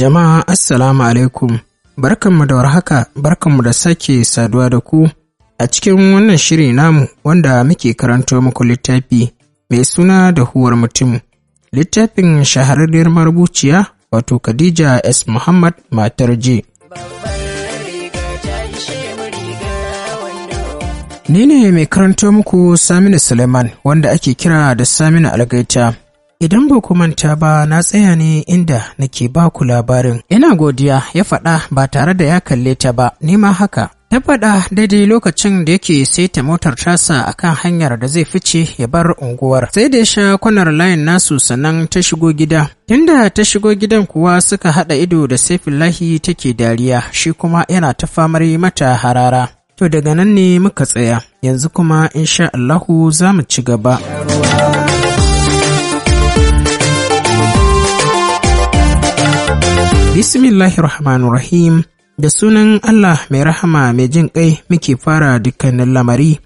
Jama'a Assalamu alaikum, barkanmu da warhaka, barkanmu da sake saduwa da ku a cikin wannan shiri namu wanda muke karanto muku littafi mai suna da huwar mutum. Littafin shahararriyar marubuciya wato Khadija S. Muhammad matar je. Ni ne mai karanto muku Saminu Suleiman wanda ake kira da Saminu Algaita. Idan ba ku manta ba na tsaya ne inda nake ba ku labarin. Ina godiya ya faɗa ba tare da ya kalle ta ba, nima haka. Ta faɗa daidai lokacin da yake saita motar tasa a kan hanyar da zai fice ya bar unguwar. Sai da ya sha kwanar layin nasu sannan ta shigo gida. Tunda ta shigo gidan kuwa suka haɗa ido da filahi take dariya, shi kuma yana ta famar mata harara. To daga nan ne muka tsaya, yanzu kuma insha Allahu za mu ci gaba. Bismillahirrahmanirrahim da sunan Allah mai rahama mai jin ƙai muke fara dukkanin lamari.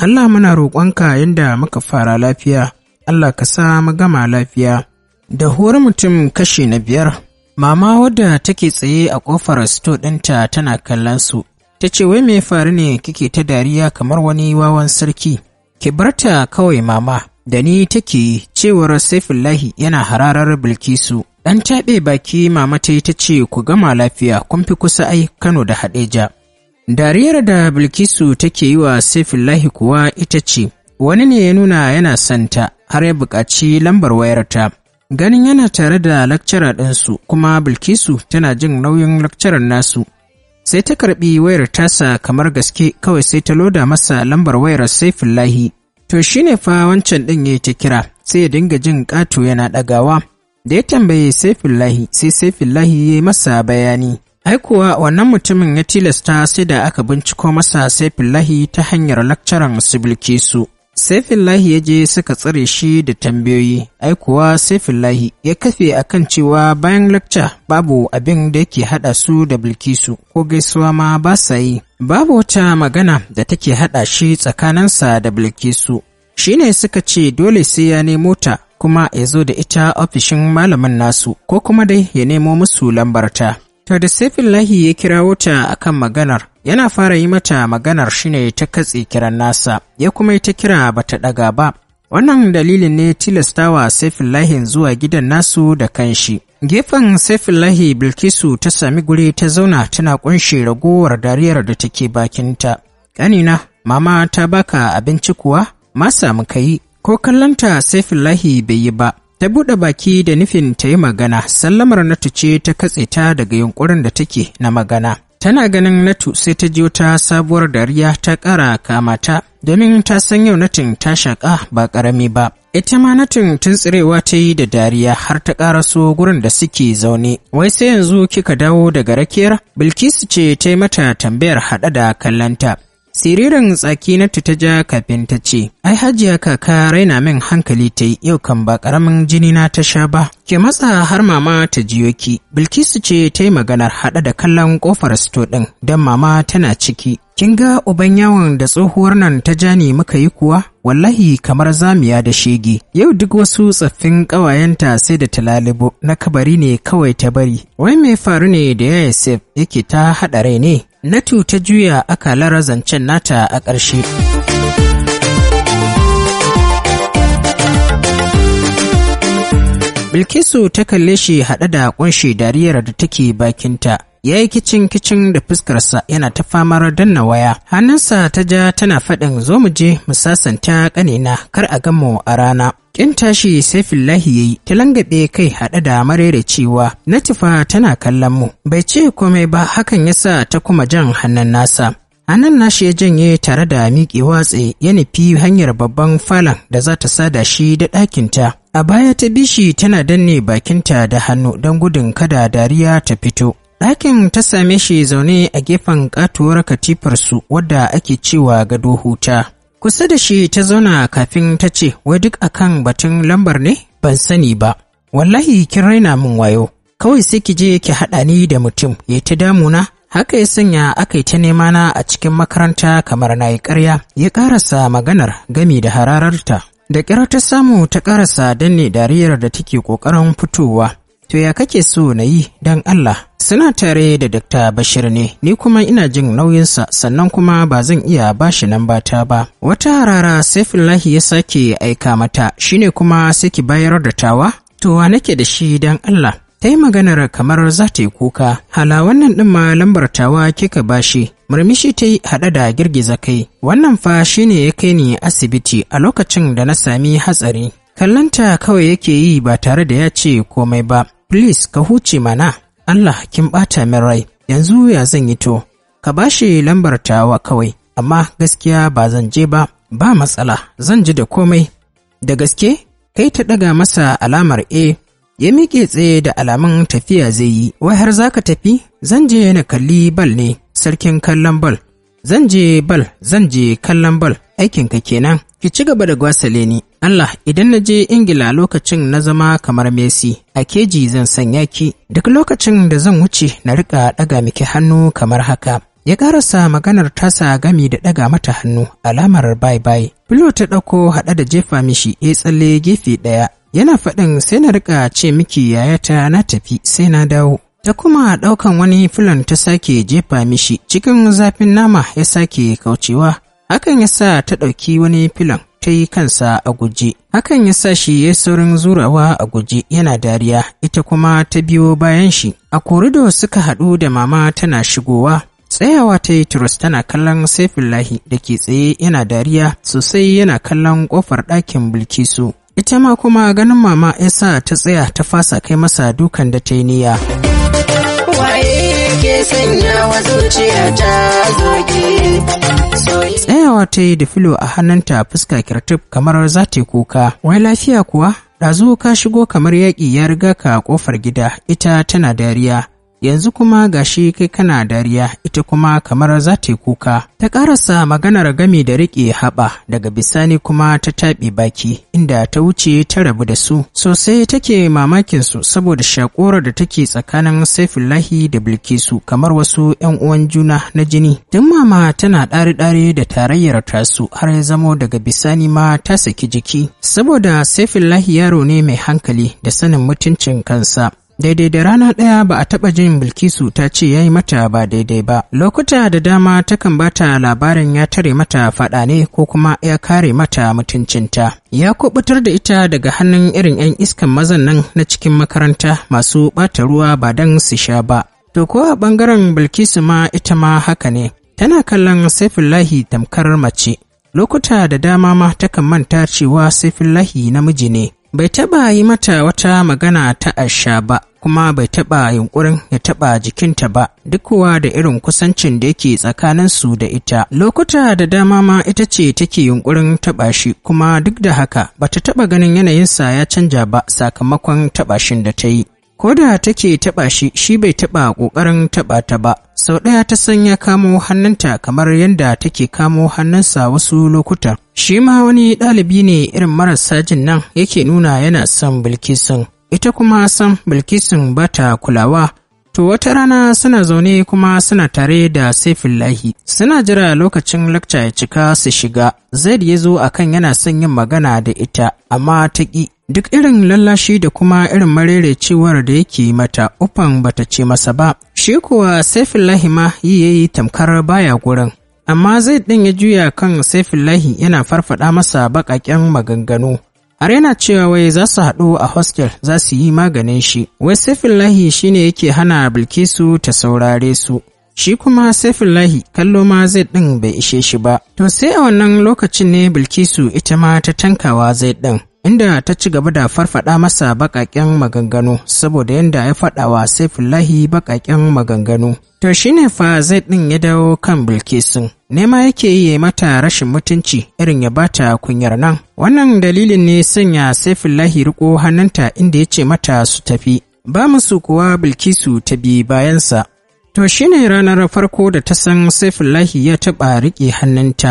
Allah muna roƙonka yadda muka fara lafiya, Allah ka sa magama gama lafiya. Da hori mutum kashi na biyar, mama wadda take tsaye a ƙofar sito ɗinta tana kallon su. Ta ce wai mai faru ne kike ta dariya kamar wani wawan sarki. Ki barta kawai mama, da ni take cewar Saifullahi yana hararar Bilkisu. Ɗan taɓe baki mama ta yi ta ce ku gama lafiya kun fi kusa ai Kano da Hadeja. Dariyar da Bilkisu take yi wa Saifullahi kuwa ita ce, wani ne ya nuna yana santa har ya buƙaci lambar wayarta. Ganin yana tare da lakcara ɗinsu kuma Bilkisu tana jin nauyin lakcarar nasu. Sai ta karɓi wayar tasa kamar gaske kawai sai ta loda masa lambar wayar Saifullahi. To shine fa wancan ɗin ya ta kira sai ya dinga jin ƙato yana ɗagawa. da ya tambaye saifullahi sai saifullahi ya yi masa bayani aikuwa wannan mutumin ya tilasta sai da aka binciko masa saifullahi ta hanyar lakcaran su bilkisu saifullahi ya je suka tsare shi da tambayoyi aikuwa saifullahi ya kafe a kan cewa bayan lakca babu abin da yake haɗa su da bilkisu ko gaisuwa ma ba sa yi babu wata magana da take haɗa shi tsakaninsa da bilkisu shine suka ce dole sai ya nemo mota. kuma ya zo da ita ofishin malamin nasu ko kuma dai ya nemo musu lambarta. To da lahi ya kirawo ta akan maganar, yana fara yi mata maganar shine ta katse kiran nasa, ya kuma yi ta kira bata ɗaga ba. Wannan dalilin ne tilastawa lahin zuwa gidan nasu da kanshi. Gefen lahi Bilkisu ta sami guri ta zauna tana kunshe ragowar dariyar da take bakinta. Ƙanina, mama ta baka abinci kuwa? Ma samu yi ko kallonta saifullahi bai yi ba ta buɗe baki da nufin ta yi magana sallamar natu ce ta katse ta daga yunkurin da take na magana tana ganin natu sai ta ji wata sabuwar dariya ta ƙara kamata domin ta san yau natin ta shaƙa ba ƙarami ba ita ma natin tuntsirewa ta yi da dariya har ta ƙara ƙaraso gurin da suke zaune wai sai yanzu kika dawo daga rakiyar bilkisu ce ta yi mata tambayar haɗa da kallonta Siririn tsaki na ta ja kafin ta ce, Ai hajiya kaka raina min hankali ta yi yau kan ba ƙaramin jini na ta sha ba. Ke matsa har mama ta jiyo ki. Bilkisu ce ta yi maganar haɗa da kallon ƙofar sito ɗin don mama tana ciki. Kin ga uban yawon da tsohuwar nan ta ja ne muka yi kuwa? Wallahi kamar zamiya da shege. Yau duk wasu tsaffin ƙawayenta sai da talalibo na kabari ne kawai ta bari. Wai mai faru ne da ya Yake ta haɗa rai ne? Natu ta juya akalar zancen nata a ƙarshe. Bilkisu ta kalle shi haɗe da ƙunshe dariyar da take bakinta. ya yi kicin kicin da fuskarsa yana ta famar danna waya hannunsa ta ja tana faɗin zo mu je mu sasanta ƙanina kar a gamu a rana Kin tashi sai fillahi ya yi, ta langaɓe kai haɗe da marere cewa Natifa tana kallon mu, bai ce komai ba hakan yasa ta kuma jan hannun nasa. Hannun nashi ya janye tare da miƙe watse ya nufi hanyar babban falon da za ta sada shi da ɗakinta. A baya ta bishi tana danne bakinta da hannu don gudun kada dariya ta fito. Dakin ta same shi zaune a gefen katuwar katifarsu wadda ake cewa gado huta kusa da shi ta zauna kafin ta ce wai duk a kan batun lambar ne ban sani ba wallahi kin raina min wayo kawai sai ki je ki haɗa ni da mutum ya ta damuna haka ya sanya aka yi ta nemana a cikin makaranta kamar na yi ƙarya ya ƙarasa maganar gami da harararta da ƙyar ta samu ta ƙarasa danne dariyar da take ƙoƙarin fitowa to ya kake so na yi don allah Suna tare da Dr. Bashir ne, ni kuma ina jin nauyinsa sannan kuma ba zan iya ba shi nan bata ba. Wata harara Saifullahi ya sake aika mata, shine kuma sai ki bayar da tawa? To wa nake da shi don Allah. Ta yi maganar kamar za ta yi kuka, hala wannan ɗin ma lambar tawa kika bashi, murmushi ta yi haɗa da girgiza kai. Wannan fa shine ya kai ni asibiti a lokacin da na sami hatsari. Kallanta kawai yake yi ba tare da ya ce komai ba, please ka huce mana. Allah kin ɓata min rai, yanzu ya zan yi to, ka ba shi lambar tawa kawai, amma gaskiya ba zan je ba, ba matsala, zan ji da komai. Da gaske, kai ta ɗaga masa alamar A, ya miƙe tsaye da alamun tafiya zai yi, wai har za ka tafi, zan je na kalli bal ne, sarkin kallon bal. Zan je bal, zan je kallon bal, aikinka kenan. Ki ci gaba da gwasale ni, Allah idan na je Ingila lokacin na zama kamar Messi, a keji zan sanya ki, duk lokacin da zan wuce na riƙa ɗaga miki hannu kamar haka. Ya ƙarasa maganar tasa gami da ɗaga mata hannu alamar bye-bye. Filo ta ɗauko haɗa da jefa mishi ya tsalle gefe ɗaya. Yana faɗin sai na riƙa ce miki yayata na tafi sai na dawo. ta kuma ɗaukan wani filon ta sake jefa mishi cikin zafin nama ya sake kaucewa hakan ya sa ta ɗauki wani filan ta yi kansa a guje hakan ya sa shi ya saurin zurawa a guje yana dariya ita kuma ta biyo bayan shi a korido suka haɗu da mama tana shigowa tsayawa ta yi turus tana kallon lahi da ke tsaye yana dariya sosai yana kallon ƙofar ɗakin bilkisu ita ma kuma ganin mama ya sa ta tsaya ta fasa kai masa dukan da ta yi niyya. ke wa zuciya ta Tsayawa ta yi da filo a hannunta fuska kirtif kamar za ta yi kuka. Wai lafiya kuwa? Ɗazu ka shigo kamar yaƙi ya riga ka ƙofar gida ita tana dariya. yanzu kuma ga shi kai kana dariya ita kuma kamar za ta yi kuka ta ƙarasa maganar gami da riƙe haɓa daga bisani kuma ta taɓe baki inda ta wuce ta rabu da su sosai take mamakin su saboda shakora da take tsakanin saifullahi da bilkisu kamar wasu 'yan uwan juna na jini tun mama tana ɗari-ɗari da tarayyar tasu har ya zamo daga bisani ma ta saki jiki saboda saifullahi yaro ne mai hankali da sanin mutuncin kansa daidai da rana ɗaya ba a taɓa jin bilkisu ta ce ya yi mata ba daidai ba lokuta da dama takan bata labarin ya tare mata faɗa ne ko kuma ya kare mata mutuncinta ya kubutar da ita daga hannun irin 'yan iskan mazan nan na cikin makaranta masu ɓata ruwa ba don su sha ba to ko a ɓangaren bilkisu ma ita ma haka ne tana kallon saifullahi tamkar mace lokuta da dama ma takan manta cewa saifullahi namiji ne bai taɓa yi mata wata magana ta asha ba kuma bai taɓa yunkurin ya taɓa jikinta ba duk kuwa da irin kusancin da yake tsakaninsu da ita lokuta da dama ma ita ce take yunkurin taɓa shi kuma duk da haka bata taɓa ganin yanayinsa ya canja ba sakamakon taɓa shin da ta yi ko da take taɓa shi shi bai taɓa ƙoƙarin taɓa ta ba sau ɗaya ta san ya kamo hannunta kamar yadda take kamo hannunsa wasu lokutan shi ma wani ɗalibi ne irin marasa jin nan yake nuna yana son bilkisun ita kuma san bilkisun ba ta kulawa to wata rana suna zaune kuma suna tare da saifullahi suna jira lokacin lakca ya cika su shiga zaid ya zo akan yana son yin magana da ita amma ta ƙi duk irin lallashi da kuma irin marerecewar da yake mata ufan bata ce masa ba shi kuwa saifullahi ma yi yayi tamkar baya gurin amma zai ɗin ya juya kan Saifullahi yana farfaɗa masa baƙaƙen maganganu. Har yana cewa wai za su haɗu a hostel za su yi maganin shi, wai Saifullahi shi ne yake hana Bilkisu ta saurare su. Shi kuma Saifullahi kallo ma zai ɗin bai ishe shi ba. To sai a wannan lokacin ne Bilkisu ita ma ta tankawa zai ɗin. inda ta ci gaba da farfada masa bakaken maganganu saboda yadda ya faɗa wa saifullahi bakaken maganganu to shine fa zai ɗin ya dawo kan bilkisun nema yake yi mata rashin mutunci irin ya bata kunyar nan wannan dalilin ne sanya saifullahi riko hannunta inda ya ce mata su tafi ba musu kuwa bilkisu ta bi bayansa to shine ranar farko da ta san saifullahi ya taɓa riƙe hannunta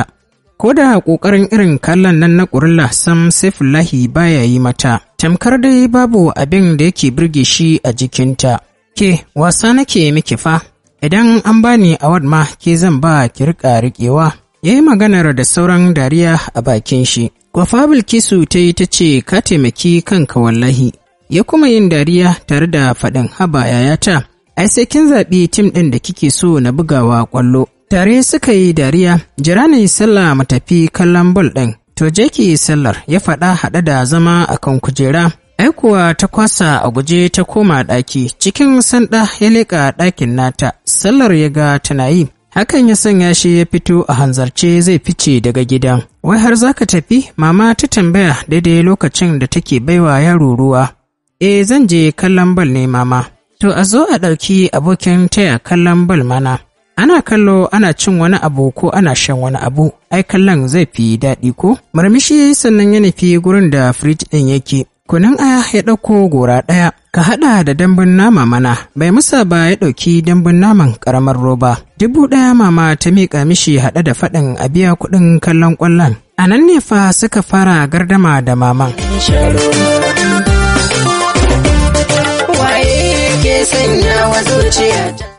ko da ƙoƙarin irin kallon nan na ƙurilla sam saifullahi baya yi mata tamkar dai babu abin da yake birge shi a jikinta ke wasa nake miki fa idan an bani award ma ke zan ba ki riƙa riƙewa ya yi maganar da sauran dariya a bakin shi kwafa bilkisu ta yi ta ce ka taimaki kanka wallahi ya kuma yin dariya tare da faɗin haba yayata ai sai kin zaɓi tim ɗin da kike so na bugawa ƙwallo Tare suka yi dariya, jira ne sallah mu tafi kallon bol ɗin. To je ki sallar ya faɗa haɗe da zama a kan kujera. Aikuwa ta kwasa a guje ta koma ɗaki cikin sanda ya leƙa ɗakin nata, sallar ya ga tana yi. Hakan ya sanya shi ya fito a hanzarce zai fice daga gidan. Wai har za ka tafi, mama ta tambaya daidai lokacin da take baiwa yaro ruwa. E zan je kallon bal ne mama. To a zo a ɗauki abokin taya kallon bal mana. Ana kallo ana cin wani abu ko ana shan wani abu, ai kallon zai fi daɗi ko? Marmishi sannan ya nufi gurin da firij ɗin yake. Kunun aya ya ɗauko gora ɗaya, ka haɗa da dambun nama mana, bai musa ba ya ɗauki dambun naman ƙaramar roba. Dubu ɗaya mama ta miƙa mishi haɗa da faɗin a biya kuɗin kallon ƙwallon. A nan ne fa suka fara gardama da maman.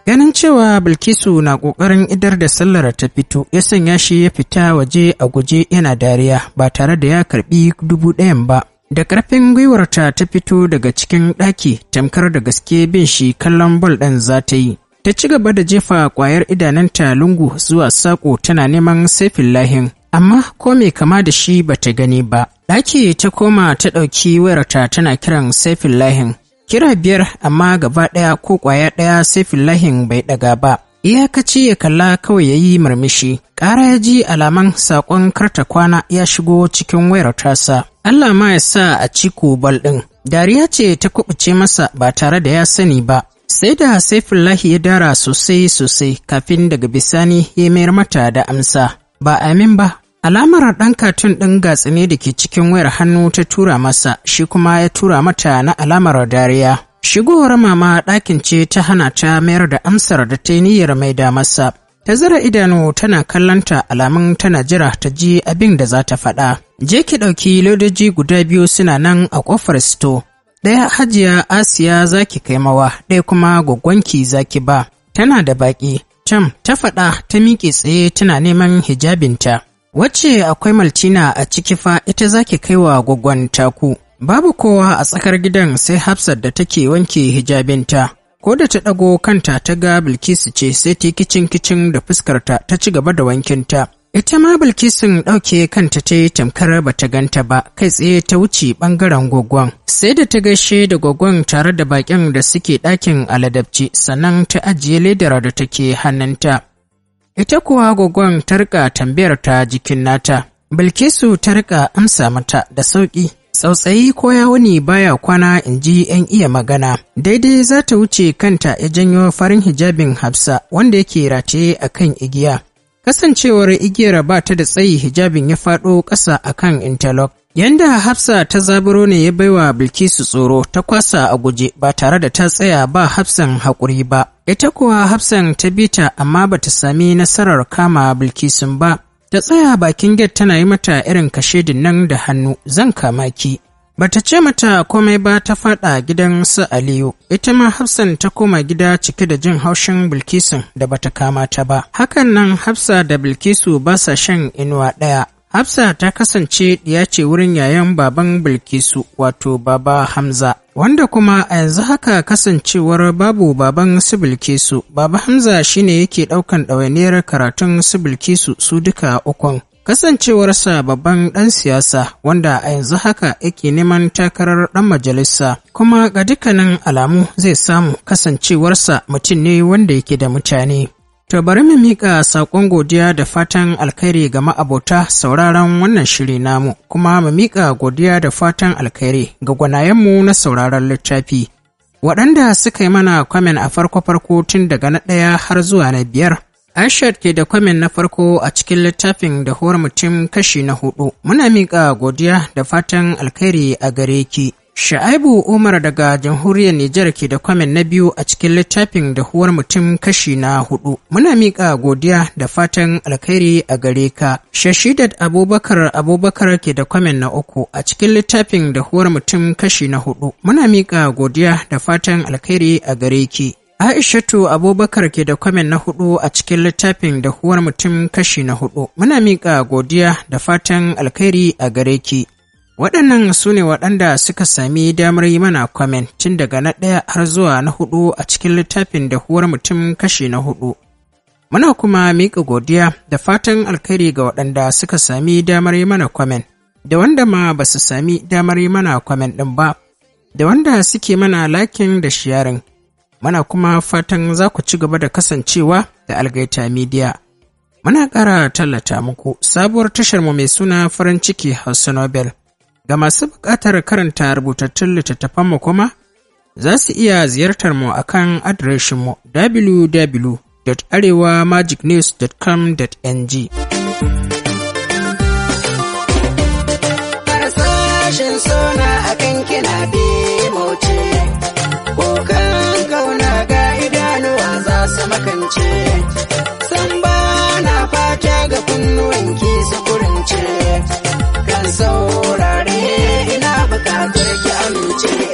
Ganin cewa Bilkisu na ƙoƙarin idar da sallar ta fito, ya sanya shi ya fita waje a guje yana dariya ba tare da ya karbi dubu ɗayan ba. Da ƙarfin gwiwarta ta fito daga cikin ɗaki tamkar da gaske bin shi kallon bol ɗin za ta yi. Ta ci gaba da jefa ƙwayar idananta lungu zuwa saƙo tana neman saifin lahin, amma ko mai kama da shi ba ta gani ba. Ɗaki ta koma ta ɗauki wayarta tana kiran saifin lahin. Kira biyar amma gaba ɗaya ko ƙwaya ɗaya sai fillahin bai ɗaga ba. Iyakaci ya kalla kawai ya yi murmushi, ƙara ya ji alaman saƙon karta kwana ya shigo cikin wayar tasa. Allah ma ya sa a ciko bal ɗin. Dariya ce ta kuɓuce masa ba tare da ya sani ba. Sai da Saifullahi ya dara sosai sosai kafin daga bisani ya mayar mata da amsa. Ba amin ba, Alamar ɗan katun ɗin gatsi ne da ke cikin wayar hannu ta tura masa, shi kuma ya tura mata na alamar dariya. Shigowar mama ɗakin ce ta hana ta mayar da amsar da ta niyyar mai da masa. Ta zira idanu tana kallonta alamun tana jira ta ji abin da za ta faɗa. Je ki ɗauki lodoji guda biyu suna nan a ƙofar sito. Ɗaya hajiya Asiya za ki kai mawa, ɗaya kuma gwaggwanki za ki ba. Tana da baƙi. Cam ta faɗa ta miƙe tsaye tana neman hijabinta. Wacce akwai Maltina a ciki fa ita zaki kai wa gwaggon taku. Babu kowa a tsakar gidan sai Hafsat da take wanke hijabinta. Ko da ta ɗago kanta ta ga Bilkisu ce sai ta kicin kicin da fuskarta ta ci gaba da wankinta. Ita ma Bilkisun ɗauke kanta ta yi tamkar ba ta ganta ba kai tsaye ta wuce ɓangaren gwaggon. Sai da ta gaishe da gwaggon tare da baƙin da suke ɗakin aladabci sannan ta ajiye ledar da take hannunta. Ita kuwa gogon ta tambayar ta jikin nata. Bilkisu ta amsa mata da sauƙi. Tsautsayi ko yawuni baya kwana in ji 'yan iya magana. Daidai za ta wuce kanta ya janyo farin hijabin Hafsa wanda yake rataye a kan igiya. Kasancewar igiyar ba ta da tsayi hijabin ya faɗo ƙasa a kan interlock. Yanda Hafsa ta zaburo ne ya baiwa Bilkisu tsoro ta kwasa a guje ba tare da ta tsaya ba Hafsan haƙuri ba. Ita kuwa Hafsan ta bi ta amma ba ta sami nasarar kama Bilkisun ba. Ta tsaya bakin get tana yi mata irin kashe nan da hannu zan kama ki. Ba ta ce mata komai ba ta faɗa gidan su Aliyu, ita ma Hafsan ta koma gida cike da jin haushin Bilkisun da bata kama ta ba. Hakan nan Hafsa da Bilkisu ba sa shan inuwa ɗaya, Hafsa ta kasance ya ce wurin yayan baban Bilkisu wato baba Hamza, wanda kuma a yanzu haka kasancewar babu baban su Bilkisu, baba Hamza shine yake ɗaukan ɗawainiyar karatun su Bilkisu su duka ukun. Kasancewarsa babban ɗan siyasa wanda a yanzu haka yake neman takarar ɗan majalisa, kuma ga dukkanin alamu zai samu kasancewarsa mutum ne wanda yake da mutane. To bari mu miƙa saƙon godiya da fatan alkhairi ga ma'abota sauraron wannan shiri namu, kuma mu miƙa godiya da fatan alkhairi ga gwanayenmu na sauraron littafi. Waɗanda suka yi mana kwamen a farko-farko tun daga na ɗaya har zuwa na biyar, Aishat ke da kwamen na farko a cikin littafin da horar mutum kashi na hudu. Muna miƙa godiya da fatan alkhairi a gare ki. shaibu Umar daga jamhuriyar Nijar ke da kwamen na biyu a cikin littafin da huwar mutum kashi na hudu. Muna miƙa godiya da fatan alkhairi a gare ka. Shashidat Abubakar Abubakar ke da kwamen na uku a cikin littafin da huwar mutum kashi na hudu. Muna miƙa godiya da fatan alkhairi a gare ki. Aishatu Abubakar ke da kwamen na hudu a cikin littafin da huwar mutum kashi na hudu. Muna miƙa godiya da fatan alkhairi a gare ki. Waɗannan su ne waɗanda suka sami damar yi mana kwamentin tun daga na ɗaya har zuwa na hudu a cikin littafin da huwar mutum kashi na hudu. Muna kuma mika godiya da fatan alkhairi ga waɗanda suka sami damar yi mana kwamen, da wanda ma ba su sami damar yi mana kwamen ɗin ba, da wanda suke mana lakin da shiyarin. Muna kuma fatan za ku ci gaba da kasancewa da Algaita Media. Muna ƙara tallata muku sabuwar tashar mu mai suna farin ciki Hausa Nobel. Ga masu buƙatar karanta rubutattun littattafan mu kuma, za su iya ziyartar mu akan adireshinmu www.arewamagicnews.com.ng. Sambana suna akan kina kokan kauna ga idanuwa za su makance, san ba fata ga kunnuwanki su kurince, kan saurare. I'm ka amince